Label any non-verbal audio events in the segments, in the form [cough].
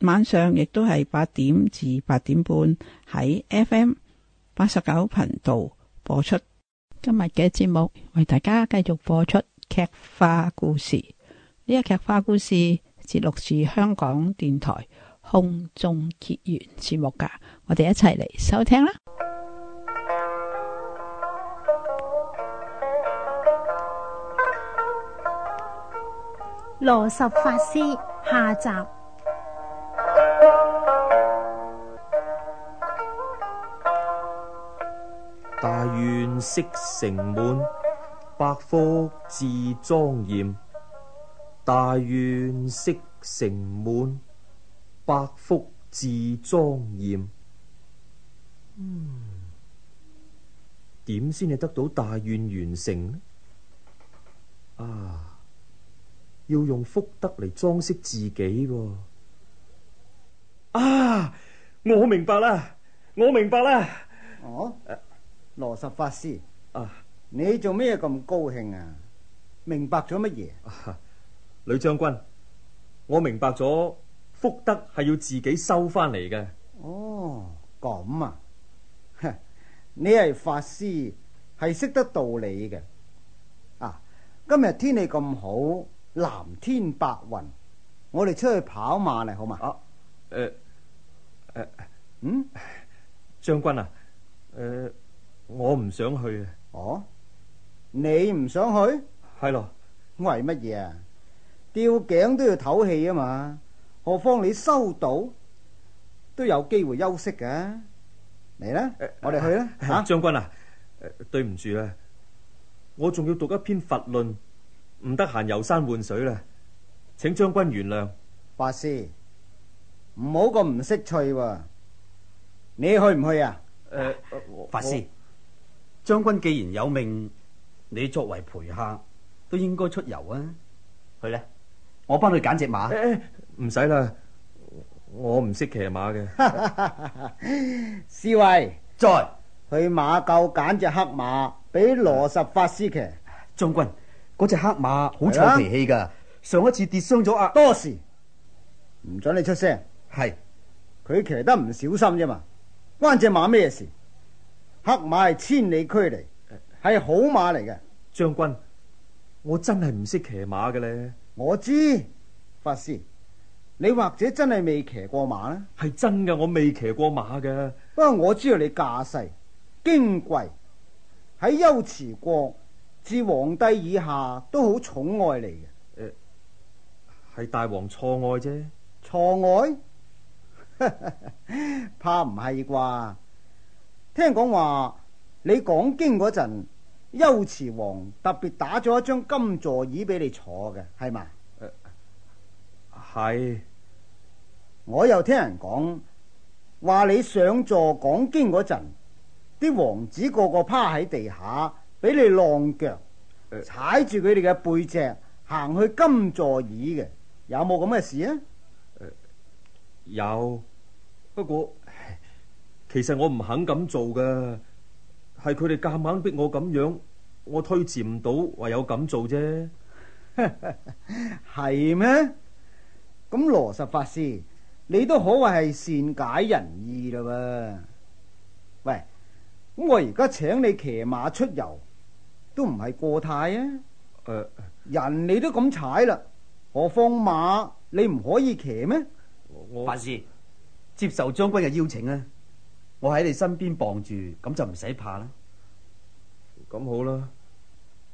晚上亦都係八點至八點半喺 FM 八十九頻道播出今日嘅節目，為大家繼續播出劇化故事。呢個劇化故事節錄自香港電台空中結緣節目噶，我哋一齊嚟收聽啦。羅什法師下集。大願色成滿，百福自莊嚴。大願色成滿，百福自莊嚴。嗯，點先至得到大願完成呢？啊，要用福德嚟裝飾自己喎。啊，我明白啦，我明白啦。哦、啊。羅實法師啊！你做咩咁高興啊？明白咗乜嘢？呂將軍，我明白咗福德係要自己收翻嚟嘅。哦、呃，咁啊！你係法師，係識得道理嘅。啊！今日天氣咁好，藍天白雲，我哋出去跑馬嚟好嘛？好，誒誒嗯，將軍啊，誒、呃。我唔想去啊！哦，你唔想去？係咯，為乜嘢啊？吊頸都要透氣啊嘛，何況你收到都有機會休息噶。嚟啦，我哋去啦。啊，將軍啊，對唔住啦，我仲要讀一篇佛論，唔得閒遊山玩水啦，請將軍原諒。法師，唔好咁唔識趣，你去唔去啊？誒，法師。將軍既然有命，你作為陪客都應該出遊啊！去啦吧、欸，我幫佢揀隻馬。唔使啦，我唔識騎馬嘅。侍衛在，去馬廄揀隻黑馬俾羅什法師騎。將軍的，嗰隻黑馬好臭脾氣噶，上一次跌傷咗啊，多時。唔准你出聲。係是，佢騎得唔小心啫嘛，關隻馬咩事？黑馬係千里駒嚟，係好馬嚟嘅。將軍，我真係唔識騎馬嘅咧。我知，法師，你或者真係未騎過馬咧。係真㗎，我未騎過馬㗎。不過我知道你駕勢矜貴，喺龜茲國，至皇帝以下都好寵愛你嘅。誒、呃，係大王錯愛啫。錯錯愛？ [laughs] 怕唔係啩？聽講話，你講經嗰陣，優慈王特別打咗一張金座椅俾你坐嘅，係嘛？係、呃，我又聽人講話，你上座講經嗰陣，啲王子個個個趴喺地下，俾你晾腳，踩住佢哋嘅背脊行去金座椅嘅，有冇咁嘅事啊、呃？有，不過。其實我唔肯咁做噶，係佢哋夾硬逼我咁樣，我推辭唔到，唯有咁做啫。係咩？ [laughs] 咁羅什法師，你都可謂係善解人意啦。喂，咁我而家請你騎馬出遊，都唔係過態啊？誒、呃，人你都咁踩啦，何況馬你唔可以騎咩？我法師接受將軍嘅邀請啊！我喺你身邊傍住，咁就唔使怕啦。咁好啦，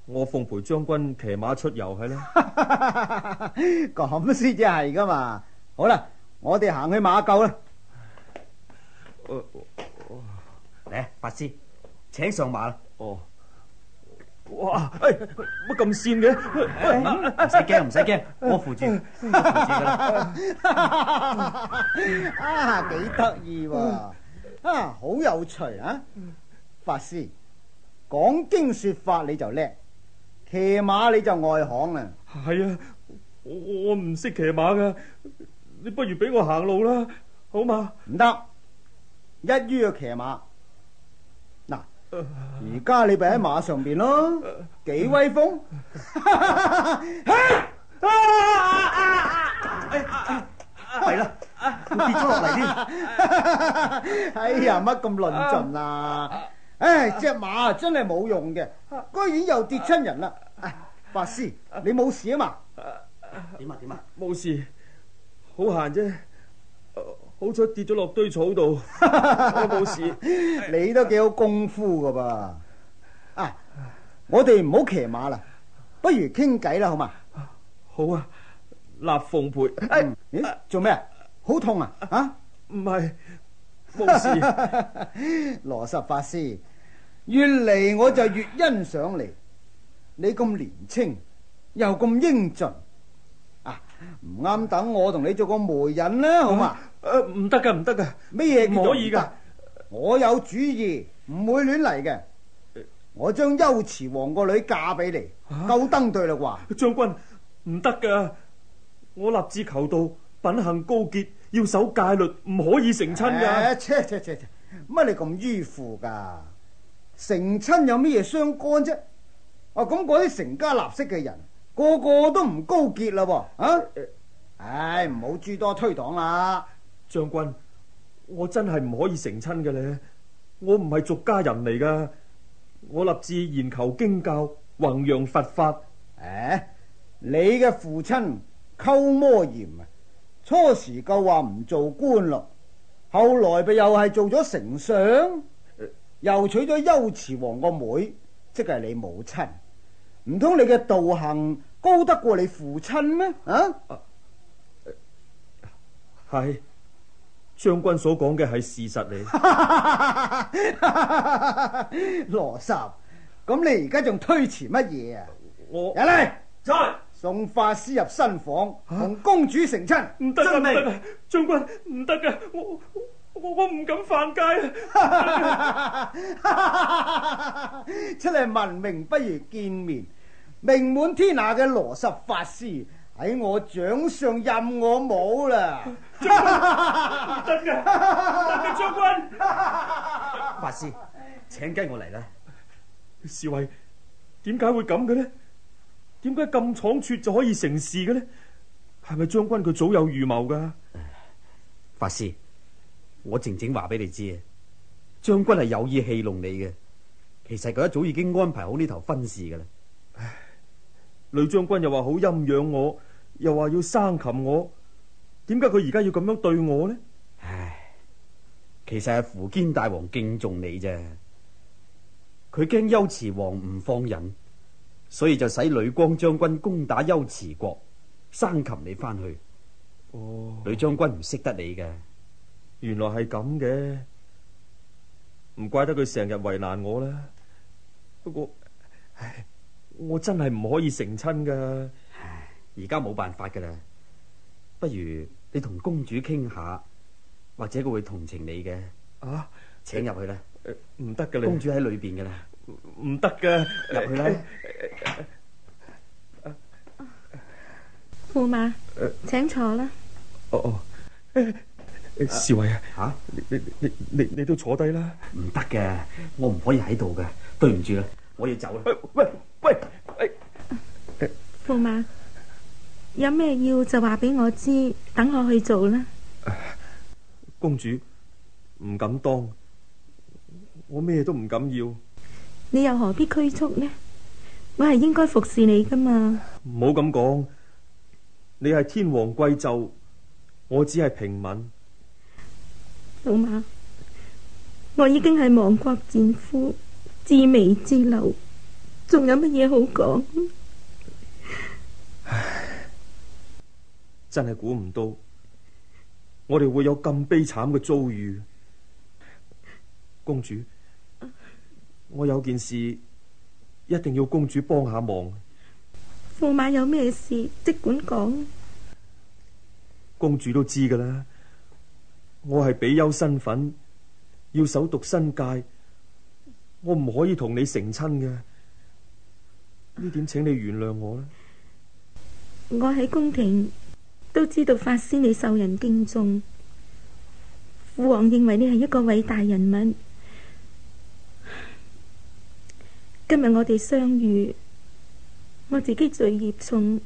我奉陪將軍騎馬出遊去啦。咁先至係噶嘛？好啦，我哋行去馬廄啦。嚟，法師，請上馬啦。哦。哇！哎，乜咁跣嘅？唔使驚，唔使驚，我扶住。啊，幾得意喎！啊，好有趣啊！法師講經說法你就叻，騎馬你就外行啦！係啊，我我唔識騎馬噶，你不如俾我行路啦，好嘛？唔得，一於要騎馬。嗱、啊，而家、呃、你咪喺馬上邊咯，幾、呃、威風！跌咗落嚟添， [laughs] 哎呀，乜咁論盡啊！唉、哎，隻馬真係冇用嘅，居、那、然、個、又跌親人啦、哎！法師，你冇事啊嘛？點啊，點啊，冇、啊、事，好閒啫，好彩跌咗落堆草度，我冇事。 [laughs] 你都幾好功夫噶噃？啊、哎，我哋唔好騎馬啦，不如傾偈啦，好嘛？好啊，立奉陪、哎哎。哎，做咩？好痛啊！吓、啊，唔係冇事。羅什 [laughs] 法師越嚟我就越欣賞你，你咁年輕又咁英俊啊！唔啱，等我同你做個媒人啦，好嘛？誒、啊，唔得噶，唔得噶，咩嘢唔可以噶？我有主意，唔會亂嚟嘅。呃、我將龜茲王個女嫁俾你，夠、啊、登對啦啩？將軍唔得噶，我立志求道。品行高潔，要守戒律，唔可以成親噶。乜、哎、你咁迂腐噶？成親有咩嘢相干啫？哦、啊，咁嗰啲成家立室嘅人，個個都唔高潔啦喎。啊，唉、哎，唔好諸多推搪啦，將、啊、軍，我真係唔可以成親嘅咧。我唔係俗家人嚟噶，我立志研求經教，弘揚佛法。唉、哎，你嘅父親鳩摩炎。初時夠話唔做官咯，後來咪又係做咗丞相，呃、又娶咗龜茲王個妹，即係你母親。唔通你嘅道行高得過你父親咩？啊？係、啊呃、將軍所講嘅係事實嚟。羅 [laughs] 什，咁你而家仲推辭乜嘢啊？我。入嚟。係。送法師入新房，同公主成親。唔得啦，唔得美將軍唔得噶我我我唔敢犯戒啊！ [laughs] 出嚟。聞名不如見面，名滿天下嘅羅什法師喺我掌上任我舞啦！唔得嘅，唔得嘅，將軍，將軍 [laughs] 法師請跟我嚟啦！侍衛，點解會咁嘅呢？點解咁倉促就可以成事嘅呢？係咪將軍佢早有預謀噶？法師，我靜靜話俾你知，將軍係有意戲弄你嘅，其實佢一早已經安排好呢頭婚事噶啦。唉，呂將軍又話好陰養我，又話要生擒我，點解佢而家要咁樣對我呢？唉，其實係苻堅大王敬重你啫，佢驚龜茲王唔放人。所以就使呂光將軍攻打幽池國，生擒你返去。哦，呂將軍唔識得你嘅？原來係咁嘅，唔怪得佢成日為難我啦。不過，唉，我真係唔可以成親噶。而家冇辦法噶啦，不如你同公主傾下，或者佢會同情你嘅。啊，請入去啦，唔得噶啦，公主喺裏邊噶啦。唔得噶，入去啦！駙馬，呃、請坐啦。哦哦，侍、呃、衛啊，吓、啊、你你你你，你都坐低啦。唔得嘅，我唔可以喺度嘅，對唔住啦，我要走啦。喂喂喂，駙、啊、馬，有咩要就話俾我知，等我去做啦。公主，唔敢當，我咩都唔敢要。你又何必拘束呢？我係應該服侍你噶嘛？唔好咁講，你係天皇貴胄，我只係平民。老馬，我已經係亡國戰俘，自微自流，仲有乜嘢好講？唉，真係估唔到，我哋會有咁悲慘嘅遭遇，公主。我有件事一定要公主幫下忙。駙馬，有咩事，即管講。公主都知噶啦，我係比丘身份，要守獨身戒。我唔可以同你成親嘅。呢點，請你原諒我啦。我喺宮廷都知道法師你受人敬重，父王認為你係一個偉大人物。今日我哋相遇，我自己罪孽重，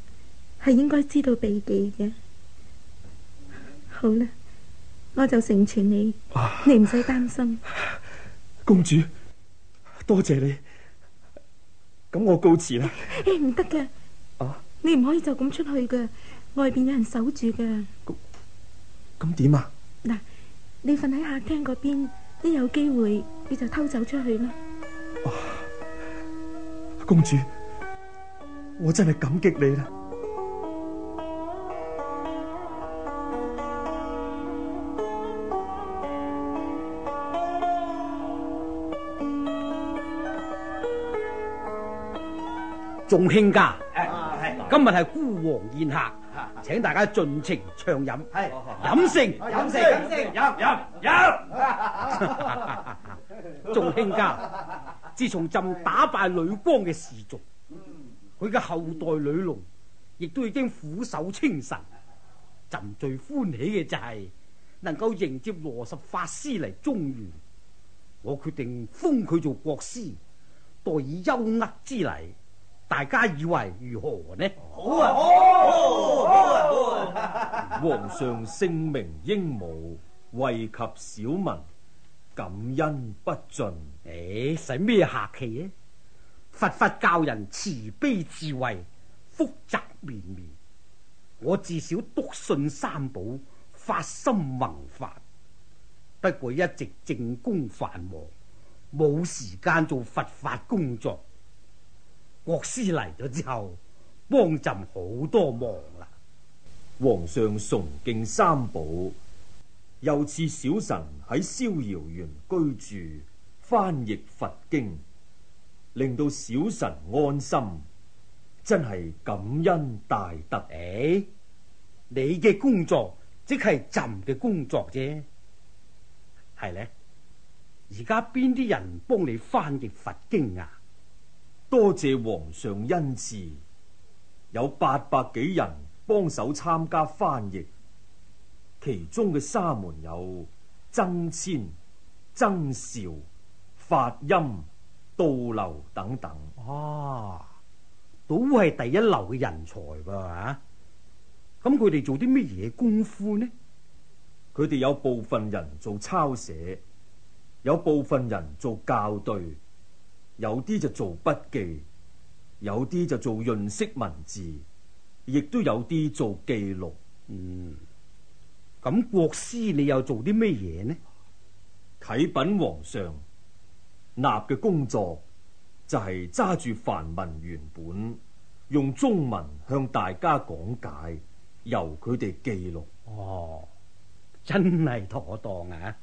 係應該知道避忌嘅。好啦，我就成全你，你唔使擔心。公主，多謝你，咁我告辭啦。誒，唔得嘅。啊，你唔可以就咁出去嘅，外邊有人守住嘅。咁咁點啊？嗱，你瞓喺客廳嗰邊，一有機會你就偷走出去啦。公主，我真係感激你啦！眾卿家，今日係孤王宴客，請大家盡情暢飲，飲勝，飲勝，飲勝，飲飲飲！眾卿家。自從朕打敗呂光嘅氏族，佢嘅後代呂龍，亦都已經俯首稱臣。朕最歡喜嘅就係能夠迎接羅什法師嚟中原，我決定封佢做國師，待以優渥之禮。大家以為如何呢？好啊！好啊！好啊！好啊！好啊好啊 [laughs] 皇上聖明英武，惠及小民。感恩不盡。哎、欸，使咩客氣啊？佛法教人慈悲智慧，福澤綿綿。我至少篤信三寶，發心弘法。不過一直正功繁忙，冇時間做佛法工作。國師嚟咗之後，幫朕好多忙啦。皇上崇敬三寶。又似小神喺逍遙園居住，翻譯佛經，令到小神安心，真係感恩大德。欸、你嘅工作即係朕嘅工作啫。係呢？而家邊啲人幫你翻譯佛經啊？多謝皇上恩賜，有八百幾人幫手參加翻譯。其中嘅沙門有曾謙、曾兆、法音、杜流等等，啊，都係第一流嘅人才噃啊！咁佢哋做啲乜嘢功夫呢？佢哋有部分人做抄寫，有部分人做校對，有啲就做筆記，有啲就做潤色文字，亦都有啲做記錄。嗯。咁國師你又做啲咩嘢呢？啟稟皇上，納嘅工作就係揸住梵文原本，用中文向大家講解，由佢哋記錄。哦，真係妥當啊！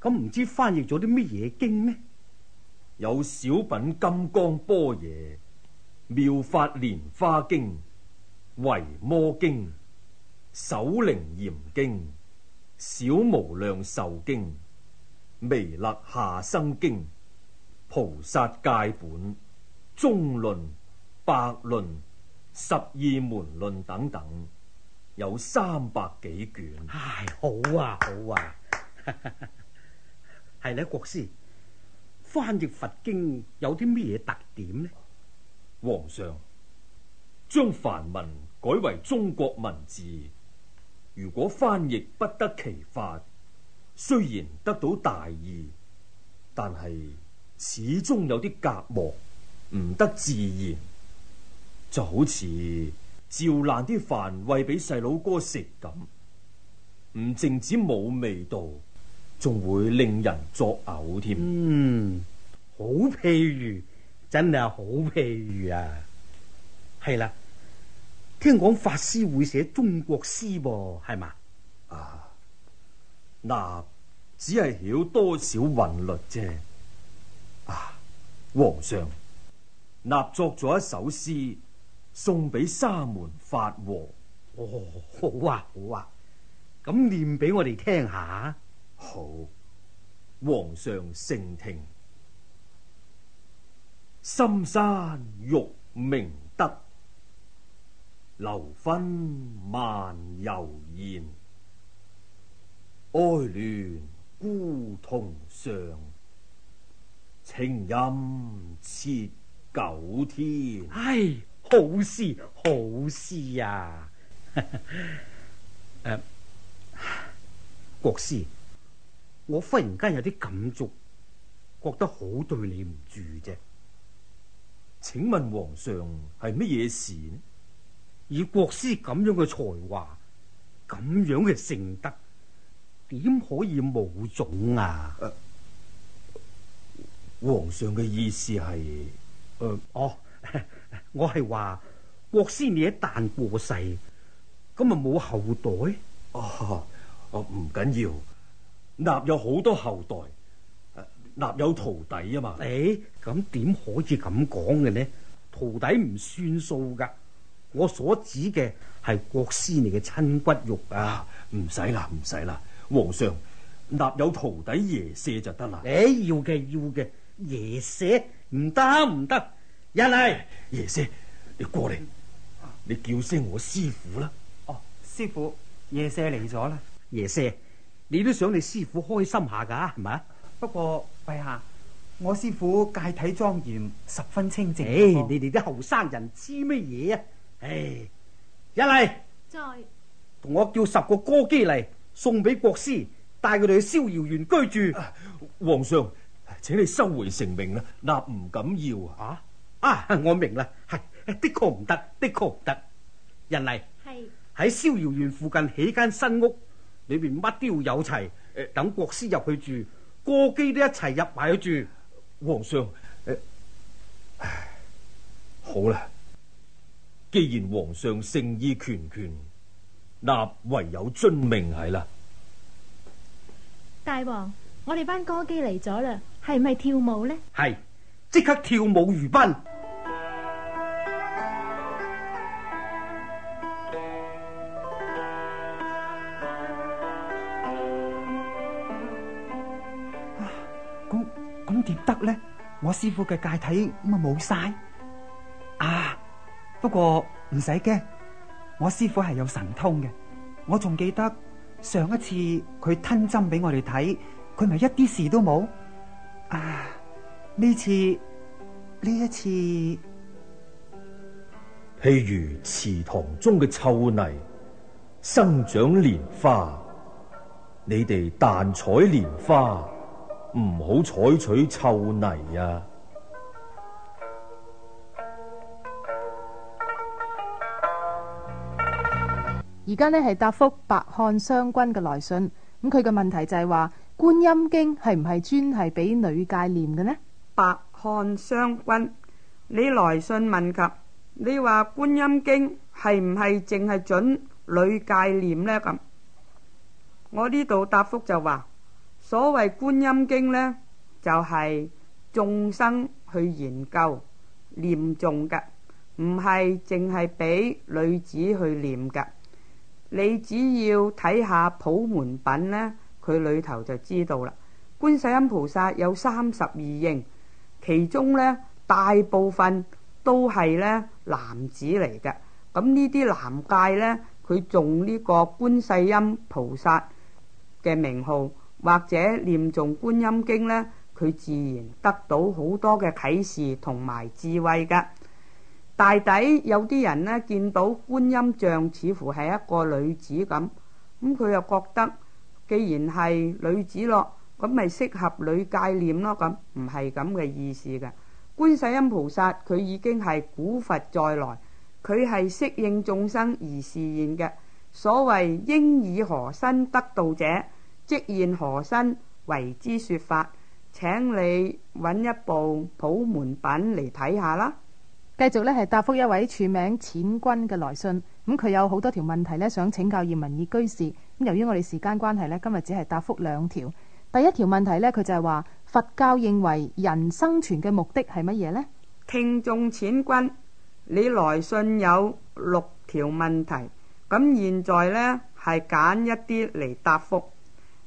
咁、嗯、唔知翻譯咗啲乜嘢經呢？有小品金剛般若、妙法蓮花經、維摩經、首楞嚴經》《小無量壽經》《彌勒下生經》《菩薩戒本》《中論》《百論》《十二門論》等等，有三百幾卷。唉、哎，好啊，好啊，係 [laughs] 啦，國師翻譯佛經有啲咩嘢特點呢？皇上將梵文改為中國文字。如果翻譯不得其法，雖然得到大意，但係始終有啲隔膜，唔得自然，就好似照爛啲飯餵俾細佬哥食咁，唔淨止冇味道，仲會令人作嘔添。嗯，好譬如，真係好譬如啊，係啦。聽講法師會寫中國詩，係嘛？啊，嗱，只係曉多少韻律啫。啊，皇上，納作咗一首詩送俾沙門法王。哦，好啊，好啊，咁念俾我哋聽下。好，皇上聖聽。深山玉明德。留分漫游然，哀憐孤同上，清音徹九天。唉，好詩好詩啊！誒、 [laughs] 呃，國師，我忽然間有啲感觸，覺得好對你唔住啫。請問皇上係乜嘢事？以國師咁樣嘅才華，咁樣嘅聖德，點可以冇種啊？呃、皇上嘅意思係，誒、呃，哦，我係話國師你一旦過世，咁啊冇後代哦。哦唔緊要，納有好多後代，納有徒弟啊嘛。誒、哎，咁點可以咁講嘅呢？徒弟唔算數噶。我所指嘅係國師你嘅親骨肉啊！唔使啦，唔使啦，皇上立有徒弟爺舍就得啦。誒、欸，要嘅要嘅，爺舍唔得唔得，一嚟爺舍你過嚟，啊、你叫聲我師父啦。哦，師父，爺舍嚟咗啦。爺舍，你都想你師父開心下噶係嘛？不過陛下，我師父戒體莊嚴，十分清淨。欸、你哋啲後生人知乜嘢啊？唉，人嚟，hey，同在我叫十個歌姬嚟送俾國師，帶佢哋去逍遙園居住啊。皇上，請你收回成命啦，那唔敢要啊！啊，我明啦，係的確唔得，的確唔得。人嚟，係喺是逍遙園附近起間新屋，裏邊乜都要有齊，uh, 等國師入去住，歌姬都一齊入埋去住。Uh, 皇上，uh, 唉，好啦。既然皇上盛意拳拳，那唯有遵命係啦。大王，我哋班歌姬嚟咗啦，係唔係跳舞呢？係，即刻跳舞如奔。咁咁點得呢？我師父嘅戒體咁啊冇晒啊！不過唔使驚，我師父係有神通嘅。我仲記得上一次佢吞針俾我哋睇，佢咪一啲事都冇。啊，呢次呢一次，次譬如池塘中嘅臭泥生長蓮花，你哋但採蓮花，唔好採取臭泥啊！而家呢，係答覆白漢雙君嘅來信，咁佢嘅問題就係話觀音經係唔係專係俾女界念嘅呢？白漢雙君，你來信問及，你話觀音經係唔係淨係準女界念呢？咁我呢度答覆就話，所謂觀音經呢，就係眾生去研究念誦嘅，唔係淨係俾女子去念嘅。你只要睇下普門品呢，佢，裏頭就知道啦。觀世音菩薩有三十二應，其中呢，大部分都係呢男子嚟嘅。咁呢啲男界呢，佢誦呢個觀世音菩薩嘅名號，或者念誦觀音經呢，佢自然得到好多嘅啟示同埋智慧噶。大抵有啲人呢，見到觀音像，似乎係一個女子咁，咁佢又覺得，既然係女子咯，咁咪適合女戒念咯，咁唔係咁嘅意思㗎。觀世音菩薩佢已經係古佛再來，佢係適應眾生而示現嘅。所謂應以何身得道者，即現何身為之說法。請你揾一部普門品嚟睇下啦。繼續咧係答覆一位署名淺君嘅來信，咁佢有好多條問題呢，想請教葉民義居士。咁由於我哋時間關係呢，今日只係答覆兩條。第一條問題呢，佢就係話「佛教認為人生存嘅目的係乜嘢呢？」聽眾淺君，你來信有六條問題，咁現在呢，係揀一啲嚟答覆。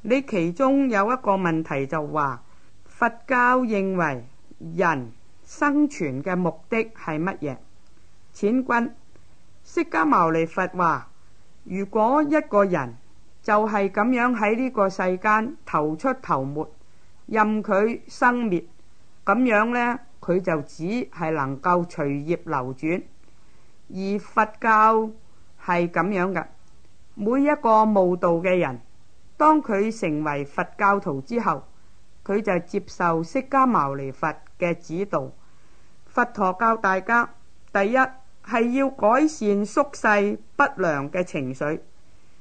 你其中有一個問題就話佛教認為人。生存嘅目的係乜嘢？淺君釋迦牟尼佛話：如果一個人就係咁樣喺呢個世間投出頭沒，任佢生滅，咁樣呢，佢就只係能夠隨業流轉。而佛教係咁樣嘅，每一個無道嘅人，當佢成為佛教徒之後。佢就接受釋迦牟尼佛嘅指導，佛陀教大家第一係要改善宿世不良嘅情緒。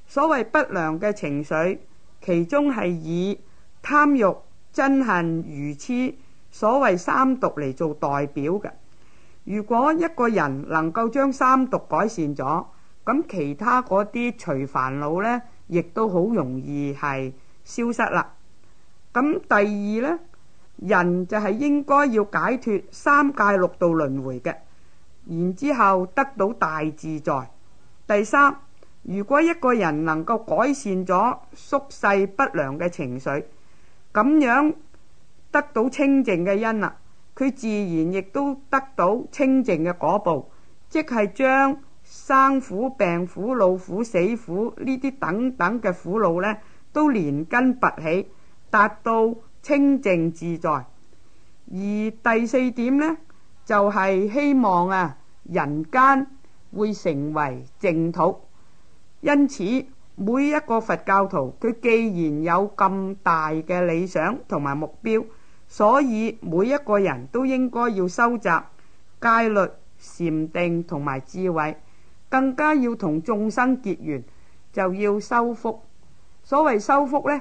所謂不良嘅情緒，其中係以貪欲、憎恨、愚痴，所謂三毒嚟做代表嘅。如果一個人能夠將三毒改善咗，咁其他嗰啲除煩惱呢，亦都好容易係消失啦。咁第二呢，人就係應該要解脫三界六道輪迴嘅，然之後得到大自在。第三，如果一個人能夠改善咗宿世不良嘅情緒，咁樣得到清淨嘅因啊，佢自然亦都得到清淨嘅果報，即係將生苦、病苦、老苦、死苦呢啲等等嘅苦惱呢，都連根拔起。達到清淨自在，而第四點呢，就係、是、希望啊人間會成為淨土。因此每一個佛教徒，佢既然有咁大嘅理想同埋目標，所以每一個人都應該要收集戒律、禪定同埋智慧，更加要同眾生結緣，就要修福。所謂修福呢。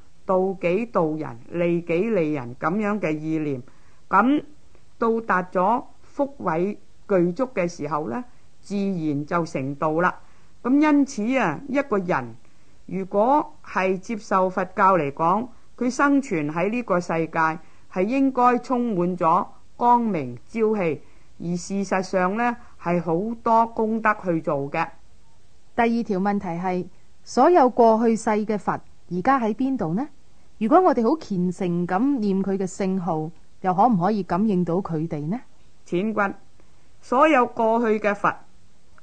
度己度人，利己利人咁樣嘅意念，咁到達咗福慧具足嘅時候呢，自然就成道啦。咁因此啊，一個人如果係接受佛教嚟講，佢生存喺呢個世界係應該充滿咗光明朝氣，而事實上呢係好多功德去做嘅。第二條問題係，所有過去世嘅佛。而家喺邊度呢？如果我哋好虔誠咁念佢嘅聖號，又可唔可以感應到佢哋呢？淺君，所有過去嘅佛，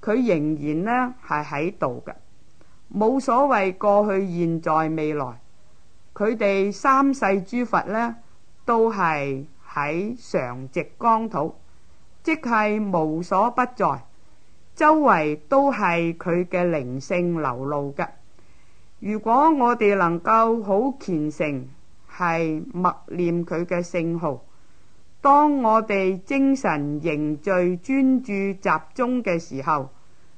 佢仍然呢係喺度嘅，冇所謂過去、現在、未來，佢哋三世諸佛呢都係喺常寂光土，即係無所不在，周圍都係佢嘅靈性流露嘅。如果我哋能夠好虔誠，係默念佢嘅聖號，當我哋精神凝聚、專注集中嘅時候，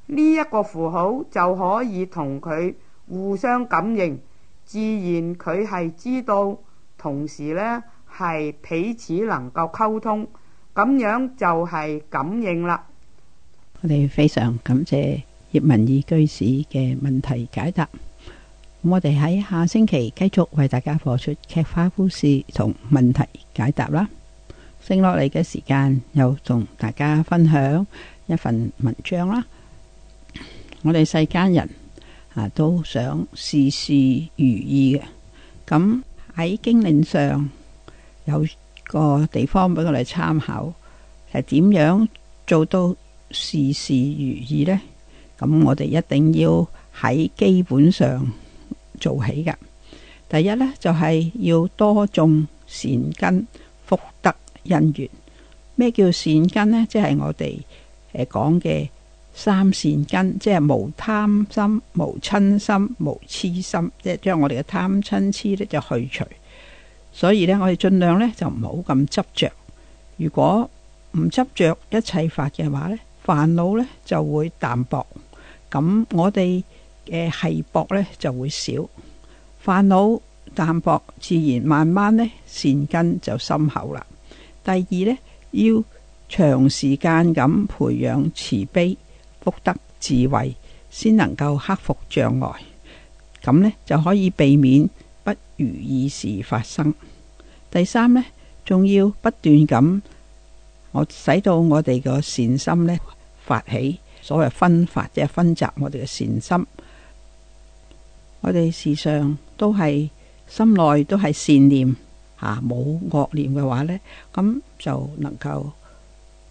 呢、這、一個符號就可以同佢互相感應，自然佢係知道，同時呢係彼此能夠溝通，咁樣就係感應啦。我哋非常感謝葉文義居士嘅問題解答。我哋喺下星期繼續為大家播出《劇花故事》同問題解答啦。剩落嚟嘅時間又同大家分享一份文章啦。我哋世間人啊都想事事如意嘅，咁喺經令上有個地方俾我哋參考，係點樣做到事事如意呢？咁我哋一定要喺基本上。做起嘅第一呢，就係、是、要多種善根，福德因緣。咩叫善根呢？即係我哋誒、呃、講嘅三善根，即係無貪心、無嗔心、無癡心，即係將我哋嘅貪、嗔、癡呢就去除。所以呢，我哋盡量呢就唔好咁執着。如果唔執着一切法嘅話呢，煩惱呢就會淡薄。咁我哋。誒，係薄呢就會少煩惱淡薄，自然慢慢呢善根就深厚啦。第二呢，要長時間咁培養慈悲、福德、智慧，先能夠克服障礙，咁呢，就可以避免不如意事發生。第三呢，仲要不斷咁，我使到我哋個善心呢發起，所謂分發即係分集我哋嘅善心。我哋時常都係心內都係善念，啊冇惡念嘅話呢，咁就能夠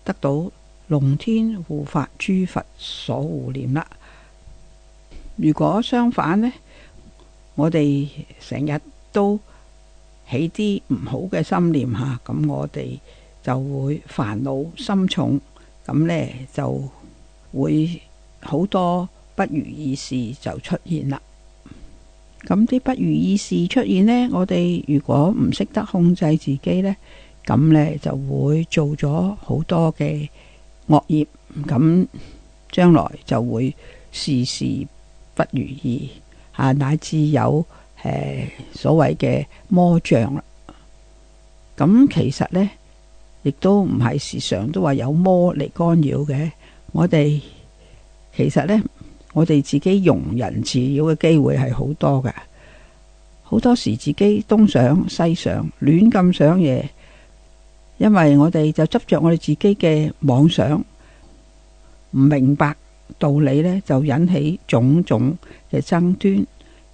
得到龍天護法、諸佛所護念啦。如果相反呢，我哋成日都起啲唔好嘅心念吓，咁我哋就會煩惱心重，咁呢就會好多不如意事就出現啦。咁啲不如意事出現呢，我哋如果唔識得控制自己呢，咁呢就會做咗好多嘅惡業，咁將來就會事事不如意，吓乃至有誒、呃、所謂嘅魔障啦。咁其實呢，亦都唔係時常都話有魔嚟干擾嘅，我哋其實呢。我哋自己容人自擾嘅機會係好多嘅，好多時自己東想西想，亂咁想嘢，因為我哋就執着我哋自己嘅妄想，唔明白道理呢，就引起種種嘅爭端。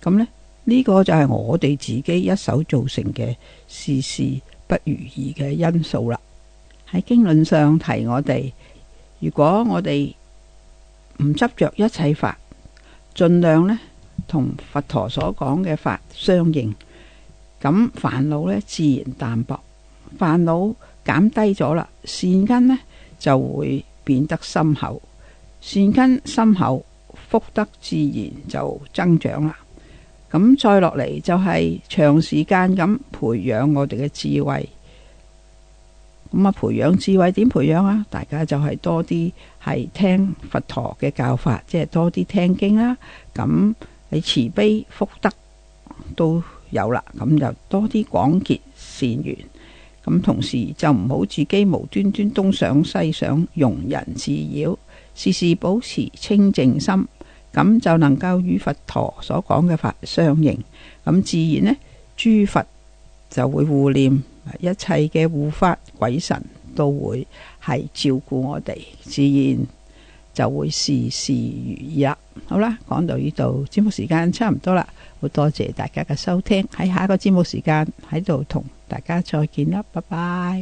咁呢，呢個就係我哋自己一手造成嘅事事不如意嘅因素啦。喺經論上提我哋，如果我哋。唔執着一切法，盡量呢同佛陀所講嘅法相應，咁煩惱呢自然淡薄，煩惱減低咗啦，善根呢就會變得深厚，善根深厚，福德自然就增長啦。咁再落嚟，就係長時間咁培養我哋嘅智慧。咁啊，培養智慧點培養啊？大家就係多啲係聽佛陀嘅教法，即係多啲聽經啦。咁你慈悲福德都有啦，咁就多啲廣結善緣。咁同時就唔好自己無端端東想西想，容人自擾，事事保持清淨心，咁就能夠與佛陀所講嘅法相應。咁自然呢，諸佛就會護念，一切嘅護法，鬼神都會係照顧我哋，自然就會事事如意啦。好啦，講到呢度，節目時間差唔多啦，好多謝大家嘅收聽，喺下一個節目時間喺度同大家再見啦，拜拜。